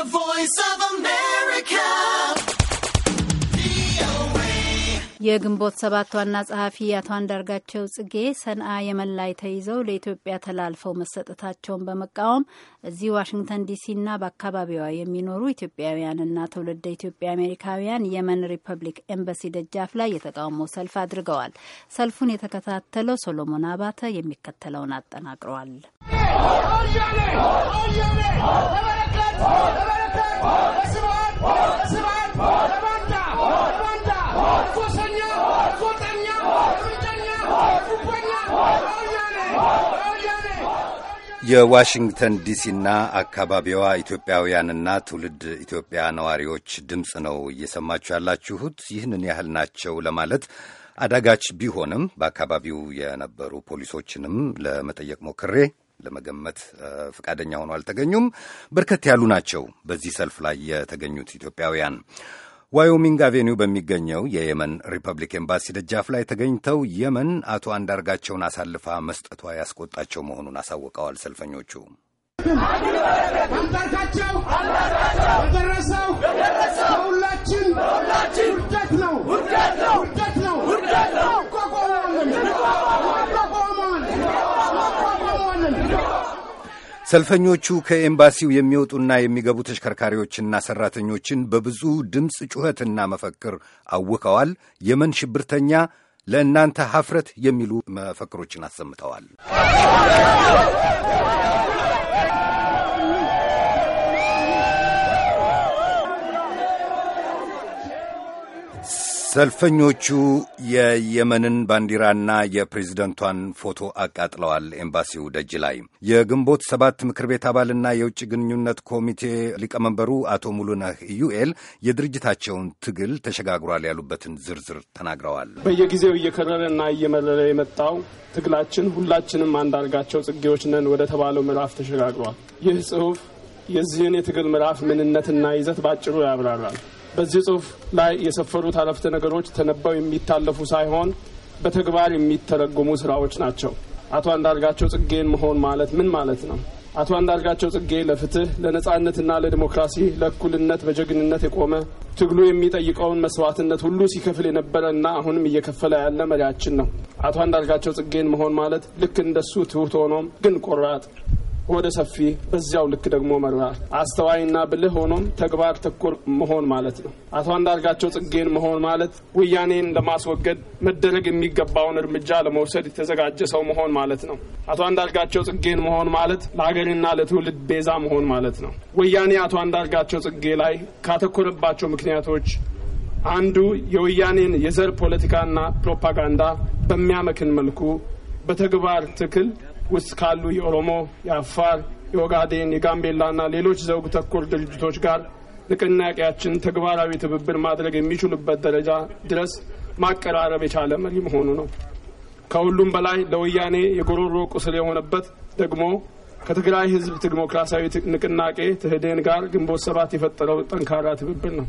The Voice of America. የግንቦት ሰባት ዋና ጸሐፊ አቶ አንዳርጋቸው ጽጌ ሰንአ የመላይ ተይዘው ለኢትዮጵያ ተላልፈው መሰጠታቸውን በመቃወም እዚህ ዋሽንግተን ዲሲና በአካባቢዋ የሚኖሩ ኢትዮጵያውያንና ትውልደ ኢትዮጵያ አሜሪካውያን የመን ሪፐብሊክ ኤምባሲ ደጃፍ ላይ የተቃውሞ ሰልፍ አድርገዋል። ሰልፉን የተከታተለው ሶሎሞን አባተ የሚከተለውን አጠናቅረዋል። የዋሽንግተን ዲሲና አካባቢዋ ኢትዮጵያውያንና ትውልድ ኢትዮጵያ ነዋሪዎች ድምፅ ነው እየሰማችሁ ያላችሁት። ይህንን ያህል ናቸው ለማለት አዳጋች ቢሆንም በአካባቢው የነበሩ ፖሊሶችንም ለመጠየቅ ሞክሬ ለመገመት ፈቃደኛ ሆነው አልተገኙም። በርከት ያሉ ናቸው በዚህ ሰልፍ ላይ የተገኙት ኢትዮጵያውያን። ዋዮሚንግ አቬኒው በሚገኘው የየመን ሪፐብሊክ ኤምባሲ ደጃፍ ላይ ተገኝተው የመን አቶ አንዳርጋቸውን አሳልፋ መስጠቷ ያስቆጣቸው መሆኑን አሳውቀዋል። ሰልፈኞቹ አንዳርጋቸው ሁላችን ሰልፈኞቹ ከኤምባሲው የሚወጡና የሚገቡ ተሽከርካሪዎችና ሠራተኞችን በብዙ ድምፅ ጩኸትና መፈክር አውከዋል። የመን ሽብርተኛ ለእናንተ ሐፍረት የሚሉ መፈክሮችን አሰምተዋል። ሰልፈኞቹ የየመንን ባንዲራና የፕሬዝደንቷን ፎቶ አቃጥለዋል። ኤምባሲው ደጅ ላይ የግንቦት ሰባት ምክር ቤት አባልና የውጭ ግንኙነት ኮሚቴ ሊቀመንበሩ አቶ ሙሉነህ ኢዩኤል የድርጅታቸውን ትግል ተሸጋግሯል ያሉበትን ዝርዝር ተናግረዋል። በየጊዜው እየከረረና እየመረረ የመጣው ትግላችን ሁላችንም አንዳርጋቸው ጽጌዎች ነን ወደ ተባለው ምዕራፍ ተሸጋግሯል። ይህ ጽሁፍ የዚህን የትግል ምዕራፍ ምንነትና ይዘት ባጭሩ ያብራራል። በዚህ ጽሁፍ ላይ የሰፈሩት አረፍተ ነገሮች ተነበው የሚታለፉ ሳይሆን በተግባር የሚተረጎሙ ስራዎች ናቸው። አቶ አንዳርጋቸው ጽጌን መሆን ማለት ምን ማለት ነው? አቶ አንዳርጋቸው ጽጌ ለፍትህ፣ ለነጻነትና ለዲሞክራሲ፣ ለእኩልነት በጀግንነት የቆመ ትግሉ የሚጠይቀውን መስዋዕትነት ሁሉ ሲከፍል የነበረ እና አሁንም እየከፈለ ያለ መሪያችን ነው። አቶ አንዳርጋቸው ጽጌን መሆን ማለት ልክ እንደሱ ትሁት ሆኖም ግን ቆራጥ ሆደ ሰፊ በዚያው ልክ ደግሞ መርባል አስተዋይና ብልህ ሆኖም ተግባር ተኮር መሆን ማለት ነው። አቶ አንዳርጋቸው ጽጌን መሆን ማለት ወያኔን ለማስወገድ መደረግ የሚገባውን እርምጃ ለመውሰድ የተዘጋጀ ሰው መሆን ማለት ነው። አቶ አንዳርጋቸው ጽጌን መሆን ማለት ለሀገርና ለትውልድ ቤዛ መሆን ማለት ነው። ወያኔ አቶ አንዳርጋቸው ጽጌ ላይ ካተኮረባቸው ምክንያቶች አንዱ የወያኔን የዘር ፖለቲካና ፕሮፓጋንዳ በሚያመክን መልኩ በተግባር ትክል ውስጥ ካሉ የኦሮሞ፣ የአፋር፣ የኦጋዴን፣ የጋምቤላና ሌሎች ዘውግ ተኮር ድርጅቶች ጋር ንቅናቄያችን ተግባራዊ ትብብር ማድረግ የሚችሉበት ደረጃ ድረስ ማቀራረብ የቻለ መሪ መሆኑ ነው። ከሁሉም በላይ ለወያኔ የጎሮሮ ቁስል የሆነበት ደግሞ ከትግራይ ህዝብ ዲሞክራሲያዊ ንቅናቄ ትህዴን ጋር ግንቦት ሰባት የፈጠረው ጠንካራ ትብብር ነው።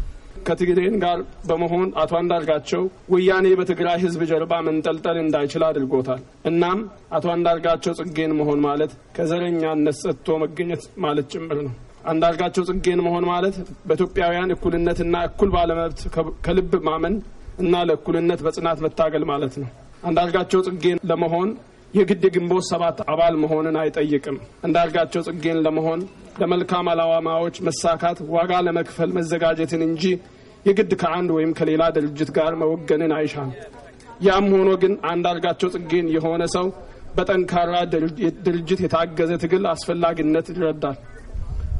ከትግሬን ጋር በመሆን አቶ አንዳርጋቸው ወያኔ በትግራይ ህዝብ ጀርባ መንጠልጠል እንዳይችል አድርጎታል። እናም አቶ አንዳርጋቸው ጽጌን መሆን ማለት ከዘረኛነት ሰጥቶ መገኘት ማለት ጭምር ነው። አንዳርጋቸው ጽጌን መሆን ማለት በኢትዮጵያውያን እኩልነትና እኩል ባለመብት ከልብ ማመን እና ለእኩልነት በጽናት መታገል ማለት ነው። አንዳርጋቸው ጽጌን ለመሆን የግድ የግንቦት ሰባት አባል መሆንን አይጠይቅም። አንዳርጋቸው ጽጌን ለመሆን ለመልካም አላዋማዎች መሳካት ዋጋ ለመክፈል መዘጋጀትን እንጂ የግድ ከአንድ ወይም ከሌላ ድርጅት ጋር መወገንን አይሻም። ያም ሆኖ ግን አንዳርጋቸው ጽጌን የሆነ ሰው በጠንካራ ድርጅት የታገዘ ትግል አስፈላጊነት ይረዳል።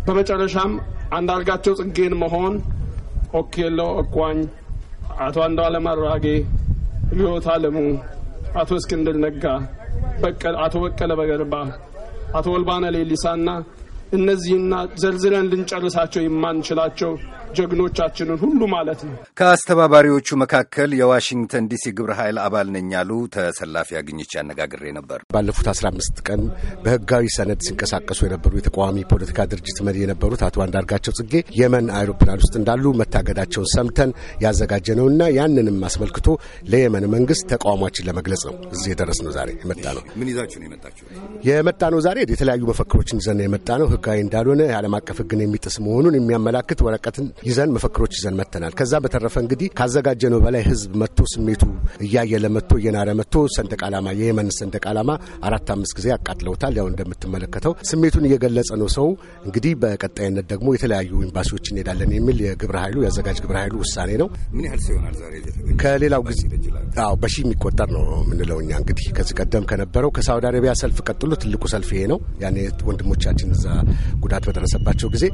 በመጨረሻም አንዳርጋቸው ጽጌን መሆን ኦኬሎ እቋኝ፣ አቶ አንዷለም አራጌ፣ ልዮታ ለሙ፣ አቶ እስክንድር ነጋ አቶ በቀለ በገርባ፣ አቶ ወልባና ሌሊሳና እነዚህና ዘልዝለን ልንጨርሳቸው የማንችላቸው ጀግኖቻችንን ሁሉ ማለት ነው። ከአስተባባሪዎቹ መካከል የዋሽንግተን ዲሲ ግብረ ኃይል አባል ነኝ ያሉ ተሰላፊ አግኝቼ አነጋግሬ ነበር። ባለፉት 15 ቀን በህጋዊ ሰነድ ሲንቀሳቀሱ የነበሩ የተቃዋሚ ፖለቲካ ድርጅት መሪ የነበሩት አቶ አንዳርጋቸው ጽጌ የመን አይሮፕላን ውስጥ እንዳሉ መታገዳቸውን ሰምተን ያዘጋጀ ያዘጋጀነውና ያንንም አስመልክቶ ለየመን መንግስት ተቃውሟችን ለመግለጽ ነው እዚህ የደረስ ነው። ዛሬ የመጣ ነው። ምን ይዛችሁ ነው የመጣችሁ? የመጣ ነው ዛሬ የተለያዩ መፈክሮችን ይዘን የመጣ ነው። ህጋዊ እንዳልሆነ የዓለም አቀፍ ህግን የሚጥስ መሆኑን የሚያመላክት ወረቀትን ይዘን መፈክሮች ይዘን መጥተናል። ከዛ በተረፈ እንግዲህ ካዘጋጀነው በላይ ህዝብ መጥቶ ስሜቱ እያየለ መጥቶ እየናረ መጥቶ ሰንደቅ ዓላማ የየመን ሰንደቅ ዓላማ አራት አምስት ጊዜ አቃጥለውታል። ያው እንደምትመለከተው ስሜቱን እየገለጸ ነው ሰው። እንግዲህ በቀጣይነት ደግሞ የተለያዩ ኤምባሲዎች እንሄዳለን የሚል የግብረ ኃይሉ የአዘጋጅ ግብረ ኃይሉ ውሳኔ ነው። ምን ያህል ሰው ይሆናል ዛሬ? ከሌላው ጊዜ በሺ የሚቆጠር ነው የምንለው እኛ እንግዲህ ከዚህ ቀደም ከነበረው ከሳውዲ አረቢያ ሰልፍ ቀጥሎ ትልቁ ሰልፍ ይሄ ነው። ያኔ ወንድሞቻችን እዛ ጉዳት በደረሰባቸው ጊዜ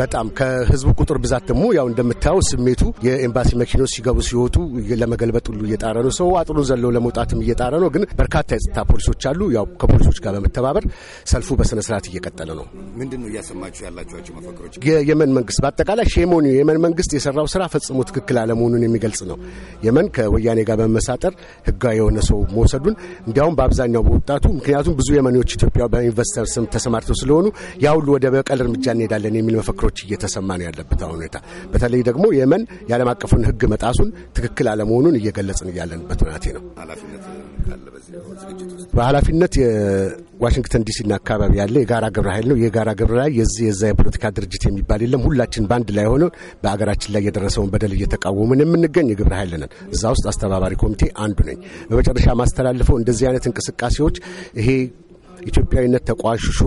በጣም ከህዝቡ ቁጥር ብዛት ደግሞ ያው እንደምታየው ስሜቱ የኤምባሲ መኪኖች ሲገቡ ሲወጡ ለመገልበጥ ሁሉ እየጣረ ነው። ሰው አጥሩን ዘለው ለመውጣትም እየጣረ ነው። ግን በርካታ የጸጥታ ፖሊሶች አሉ። ያው ከፖሊሶች ጋር በመተባበር ሰልፉ በስነስርዓት እየቀጠለ ነው። ምንድን ነው እያሰማችሁ ያላችኋቸው መፈክሮች? የየመን መንግስት በአጠቃላይ ሼሞኒ የመን መንግስት የሰራው ስራ ፈጽሞ ትክክል አለመሆኑን የሚገልጽ ነው። የመን ከወያኔ ጋር በመመሳጠር ህጋዊ የሆነ ሰው መውሰዱን እንዲያውም በአብዛኛው በወጣቱ ምክንያቱም ብዙ የመኖች ኢትዮጵያ በኢንቨስተር ስም ተሰማርተው ስለሆኑ ያ ሁሉ ወደ በቀል እርምጃ እንሄዳለን የሚል መፈክሮች እየተሰማ ነው ያለበት አሁን ሁኔታ። በተለይ ደግሞ የመን የዓለም አቀፉን ሕግ መጣሱን ትክክል አለመሆኑን እየገለጽን እያለንበት ሁናቴ ነው። በኃላፊነት የዋሽንግተን ዲሲና አካባቢ ያለ የጋራ ግብረ ኃይል ነው። የጋራ ግብረ ኃይል የዚህ የዛ የፖለቲካ ድርጅት የሚባል የለም። ሁላችን በአንድ ላይ ሆነ በሀገራችን ላይ የደረሰውን በደል እየተቃወምን የምንገኝ የግብረ ኃይል ነን። እዛ ውስጥ አስተባባሪ ኮሚቴ አንዱ ነኝ። በመጨረሻ ማስተላልፈው እንደዚህ አይነት እንቅስቃሴዎች ይሄ ኢትዮጵያዊነት ተቋሽሾ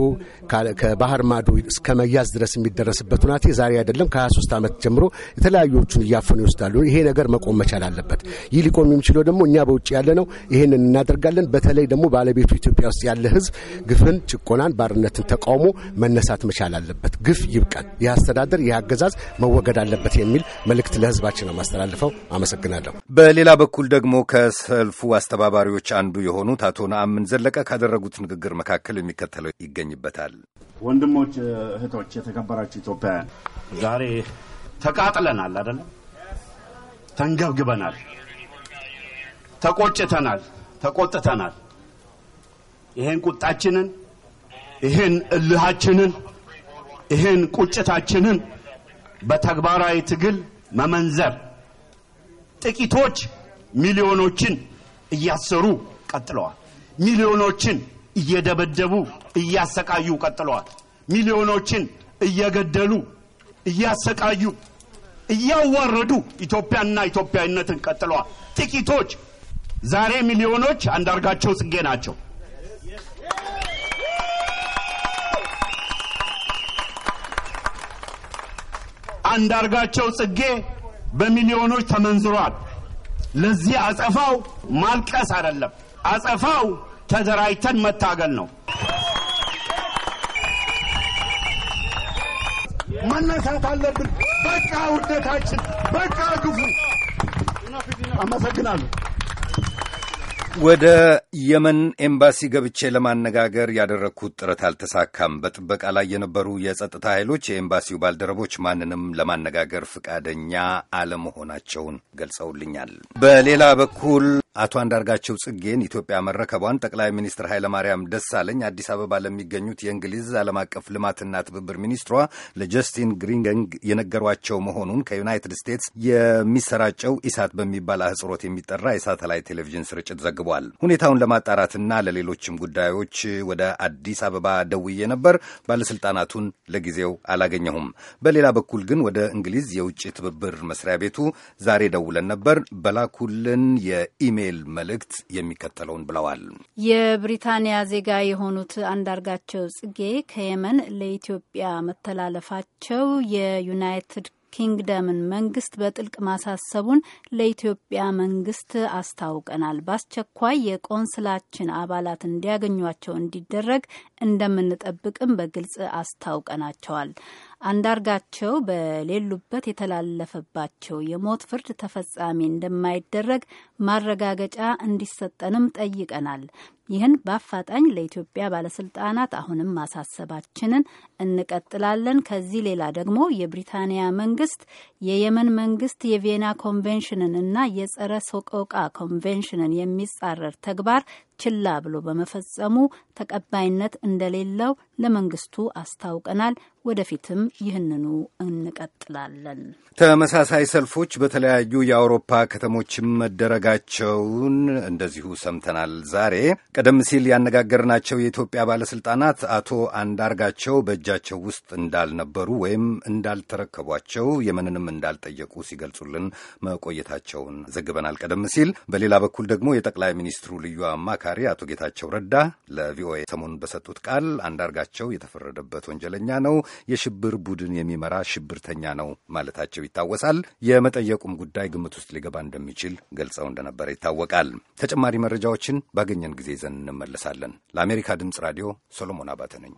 ከባህር ማዶ እስከ መያዝ ድረስ የሚደረስበት ሁናቴ ዛሬ አይደለም፣ ከ23 ዓመት ጀምሮ የተለያዩዎቹን እያፈኑ ይወስዳሉ። ይሄ ነገር መቆም መቻል አለበት። ይህ ሊቆም የሚችለው ደግሞ እኛ በውጭ ያለ ነው። ይህንን እናደርጋለን። በተለይ ደግሞ ባለቤቱ ኢትዮጵያ ውስጥ ያለ ህዝብ ግፍን፣ ጭቆናን፣ ባርነትን ተቃውሞ መነሳት መቻል አለበት። ግፍ ይብቀን ይህ አስተዳደር፣ ይህ አገዛዝ መወገድ አለበት የሚል መልእክት ለህዝባችን ነው ማስተላልፈው። አመሰግናለሁ። በሌላ በኩል ደግሞ ከሰልፉ አስተባባሪዎች አንዱ የሆኑት አቶ ነአምን ዘለቀ ካደረጉት ንግግር መካከል የሚከተለው ይገኝበታል። ወንድሞች፣ እህቶች፣ የተከበራችሁ ኢትዮጵያውያን ዛሬ ተቃጥለናል፣ አይደለም ተንገብግበናል፣ ተቆጭተናል፣ ተቆጥተናል። ይሄን ቁጣችንን፣ ይሄን እልሃችንን፣ ይሄን ቁጭታችንን በተግባራዊ ትግል መመንዘር ጥቂቶች ሚሊዮኖችን እያሰሩ ቀጥለዋል። ሚሊዮኖችን እየደበደቡ እያሰቃዩ ቀጥለዋል። ሚሊዮኖችን እየገደሉ እያሰቃዩ እያዋረዱ ኢትዮጵያና ኢትዮጵያዊነትን ቀጥለዋል። ጥቂቶች ዛሬ ሚሊዮኖች አንዳርጋቸው ጽጌ ናቸው። አንዳርጋቸው ጽጌ በሚሊዮኖች ተመንዝሯል። ለዚህ አጸፋው ማልቀስ አይደለም። አጸፋው ተደራጅተን መታገል ነው። መነሳት አለብን። በቃ ውደታችን፣ በቃ ግፉ። አመሰግናለሁ። ወደ የመን ኤምባሲ ገብቼ ለማነጋገር ያደረግኩት ጥረት አልተሳካም። በጥበቃ ላይ የነበሩ የጸጥታ ኃይሎች የኤምባሲው ባልደረቦች ማንንም ለማነጋገር ፈቃደኛ አለመሆናቸውን ገልጸውልኛል። በሌላ በኩል አቶ አንዳርጋቸው ጽጌን ኢትዮጵያ መረከቧን ጠቅላይ ሚኒስትር ኃይለማርያም ደሳለኝ አዲስ አበባ ለሚገኙት የእንግሊዝ ዓለም አቀፍ ልማትና ትብብር ሚኒስትሯ ለጀስቲን ግሪንገንግ የነገሯቸው መሆኑን ከዩናይትድ ስቴትስ የሚሰራጨው ኢሳት በሚባል አህጽሮት የሚጠራ የሳተላይት ቴሌቪዥን ስርጭት ዘግቧል። ሁኔታውን ለማጣራትና ለሌሎችም ጉዳዮች ወደ አዲስ አበባ ደውዬ ነበር። ባለሥልጣናቱን ለጊዜው አላገኘሁም። በሌላ በኩል ግን ወደ እንግሊዝ የውጭ ትብብር መስሪያ ቤቱ ዛሬ ደውለን ነበር። በላኩልን የኢሜ በኢሜይል መልእክት የሚከተለውን ብለዋል። የብሪታንያ ዜጋ የሆኑት አንዳርጋቸው ጽጌ ከየመን ለኢትዮጵያ መተላለፋቸው የዩናይትድ ኪንግደምን መንግስት በጥልቅ ማሳሰቡን ለኢትዮጵያ መንግስት አስታውቀናል። በአስቸኳይ የቆንስላችን አባላት እንዲያገኟቸው እንዲደረግ እንደምንጠብቅም በግልጽ አስታውቀናቸዋል። አንዳርጋቸው በሌሉበት የተላለፈባቸው የሞት ፍርድ ተፈጻሚ እንደማይደረግ ማረጋገጫ እንዲሰጠንም ጠይቀናል። ይህን በአፋጣኝ ለኢትዮጵያ ባለስልጣናት አሁንም ማሳሰባችንን እንቀጥላለን። ከዚህ ሌላ ደግሞ የብሪታንያ መንግስት የየመን መንግስት የቪየና ኮንቬንሽንን እና የጸረ ሶቆቃ ኮንቬንሽንን የሚጻረር ተግባር ችላ ብሎ በመፈጸሙ ተቀባይነት እንደሌለው ለመንግስቱ አስታውቀናል። ወደፊትም ይህንኑ እንቀጥላለን። ተመሳሳይ ሰልፎች በተለያዩ የአውሮፓ ከተሞችም መደረጋቸውን እንደዚሁ ሰምተናል። ዛሬ ቀደም ሲል ያነጋገርናቸው የኢትዮጵያ ባለስልጣናት አቶ አንዳርጋቸው በእጃቸው ውስጥ እንዳልነበሩ ወይም እንዳልተረከቧቸው የምንንም እንዳልጠየቁ ሲገልጹልን መቆየታቸውን ዘግበናል። ቀደም ሲል በሌላ በኩል ደግሞ የጠቅላይ ሚኒስትሩ ልዩ አማካ አማካሪ አቶ ጌታቸው ረዳ ለቪኦኤ ሰሞኑን በሰጡት ቃል አንዳርጋቸው የተፈረደበት ወንጀለኛ ነው፣ የሽብር ቡድን የሚመራ ሽብርተኛ ነው ማለታቸው ይታወሳል። የመጠየቁም ጉዳይ ግምት ውስጥ ሊገባ እንደሚችል ገልጸው እንደነበረ ይታወቃል። ተጨማሪ መረጃዎችን ባገኘን ጊዜ ይዘን እንመለሳለን። ለአሜሪካ ድምፅ ራዲዮ ሶሎሞን አባተ ነኝ።